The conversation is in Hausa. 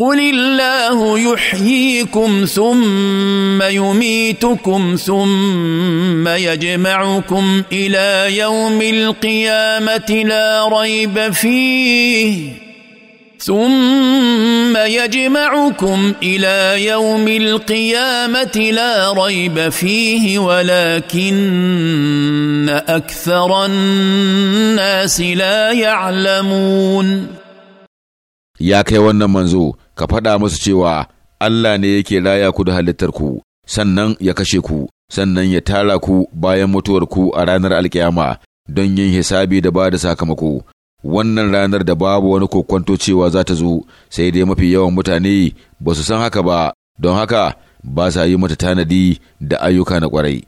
قل الله يحييكم ثم يميتكم ثم يجمعكم الى يوم القيامه لا ريب فيه ثم يجمعكم الى يوم القيامه لا ريب فيه ولكن اكثر الناس لا يعلمون ya kai wannan manzo ka faɗa musu cewa Allah ne yake raya ku da halittar ku sannan ya kashe ku sannan ya tara ku bayan mutuwar ku a ranar alkiyama don yin hisabi da ba da sakamako wannan ranar da babu wani kokwanto cewa za ta zo sai dai mafi yawan mutane ba su san haka ba don haka ba sa yi mata tanadi da ayyuka na kwarai